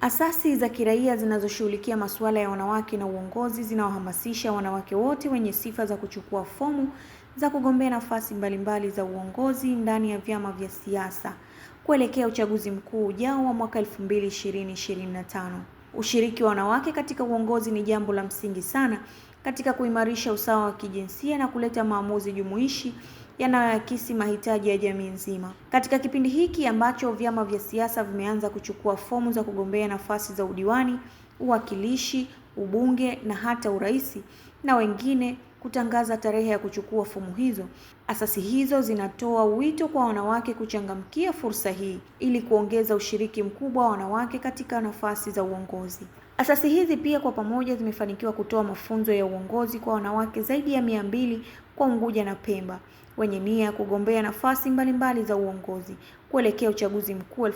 Asasi za kiraia zinazoshughulikia masuala ya wanawake na uongozi zinawahamasisha wanawake wote wenye sifa za kuchukua fomu za kugombea nafasi mbalimbali za uongozi ndani ya vyama vya siasa kuelekea uchaguzi mkuu ujao wa mwaka 2025 Ushiriki wa wanawake katika uongozi ni jambo la msingi sana katika kuimarisha usawa wa kijinsia na kuleta maamuzi jumuishi yanayoakisi mahitaji ya jamii nzima. Katika kipindi hiki ambacho vyama vya siasa vimeanza kuchukua fomu za kugombea nafasi za udiwani, uwakilishi, ubunge na hata urais na wengine kutangaza tarehe ya kuchukua fomu hizo. Asasi hizo zinatoa wito kwa wanawake kuchangamkia fursa hii ili kuongeza ushiriki mkubwa wa wanawake katika nafasi za uongozi. Asasi hizi pia kwa pamoja zimefanikiwa kutoa mafunzo ya uongozi kwa wanawake zaidi ya mia mbili kwa Unguja na Pemba wenye nia ya kugombea nafasi mbalimbali za uongozi kuelekea uchaguzi mkuu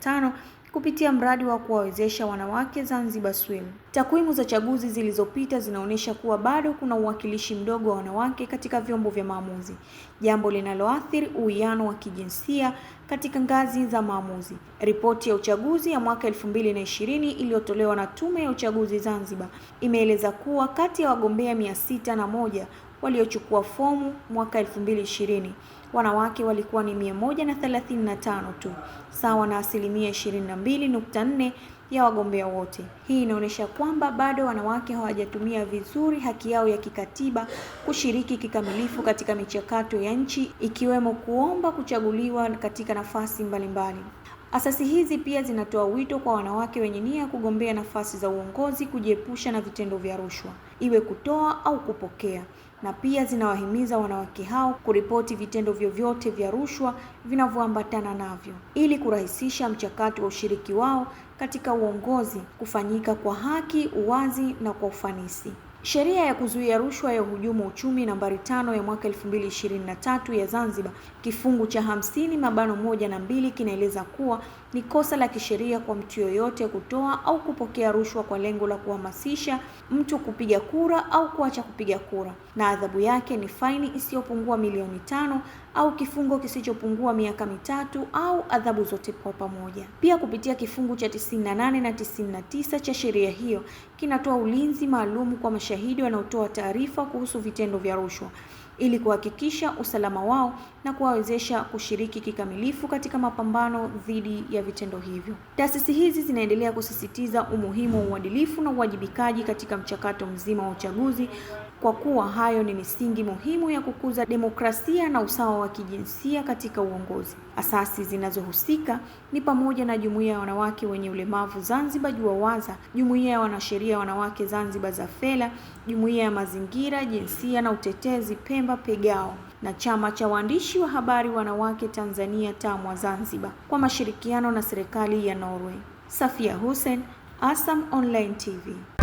tano kupitia mradi wa kuwawezesha wanawake Zanzibar Swim. Takwimu za chaguzi zilizopita zinaonyesha kuwa bado kuna uwakilishi mdogo wa wanawake katika vyombo vya maamuzi, jambo linaloathiri uwiano wa kijinsia katika ngazi za maamuzi. Ripoti ya uchaguzi ya mwaka elfu mbili na ishirini iliyotolewa na Tume ya Uchaguzi Zanzibar imeeleza kuwa kati ya wagombea mia sita na moja waliochukua fomu mwaka elfu mbili ishirini wanawake walikuwa ni 135 tu, sawa na asilimia 22.4 ya wagombea wote. Hii inaonyesha kwamba bado wanawake hawajatumia vizuri haki yao ya kikatiba kushiriki kikamilifu katika michakato ya nchi, ikiwemo kuomba kuchaguliwa katika nafasi mbalimbali. Asasi hizi pia zinatoa wito kwa wanawake wenye nia ya kugombea nafasi za uongozi kujiepusha na vitendo vya rushwa, iwe kutoa au kupokea na pia zinawahimiza wanawake hao kuripoti vitendo vyovyote vya rushwa vinavyoambatana navyo ili kurahisisha mchakato wa ushiriki wao katika uongozi kufanyika kwa haki, uwazi na kwa ufanisi. Sheria ya kuzuia rushwa ya uhujumu uchumi nambari tano ya mwaka 2023 ya Zanzibar kifungu cha hamsini mabano moja na mbili kinaeleza kuwa ni kosa la kisheria kwa mtu yoyote kutoa au kupokea rushwa kwa lengo la kuhamasisha mtu kupiga kura au kuacha kupiga kura, na adhabu yake ni faini isiyopungua milioni tano au kifungo kisichopungua miaka mitatu au adhabu zote kwa pamoja. Pia kupitia kifungu cha 98 na 99 cha sheria hiyo kinatoa ulinzi maalum kwa mashahidi wanaotoa taarifa kuhusu vitendo vya rushwa ili kuhakikisha usalama wao na kuwawezesha kushiriki kikamilifu katika mapambano dhidi ya vitendo hivyo. Taasisi hizi zinaendelea kusisitiza umuhimu wa uadilifu na uwajibikaji katika mchakato mzima wa uchaguzi kwa kuwa hayo ni misingi muhimu ya kukuza demokrasia na usawa wa kijinsia katika uongozi. Asasi zinazohusika ni pamoja na Jumuiya ya Wanawake Wenye Ulemavu Zanzibar, waza Jumuiya ya Wanasheria Wanawake Zanzibar, ZAFELA, Jumuiya ya Mazingira, Jinsia na Utetezi Pemba, PEGAO na Chama cha Waandishi wa Habari Wanawake Tanzania, TAMWA Zanzibar, kwa mashirikiano na serikali ya Norway. Safia Hussein, ASAM Online TV.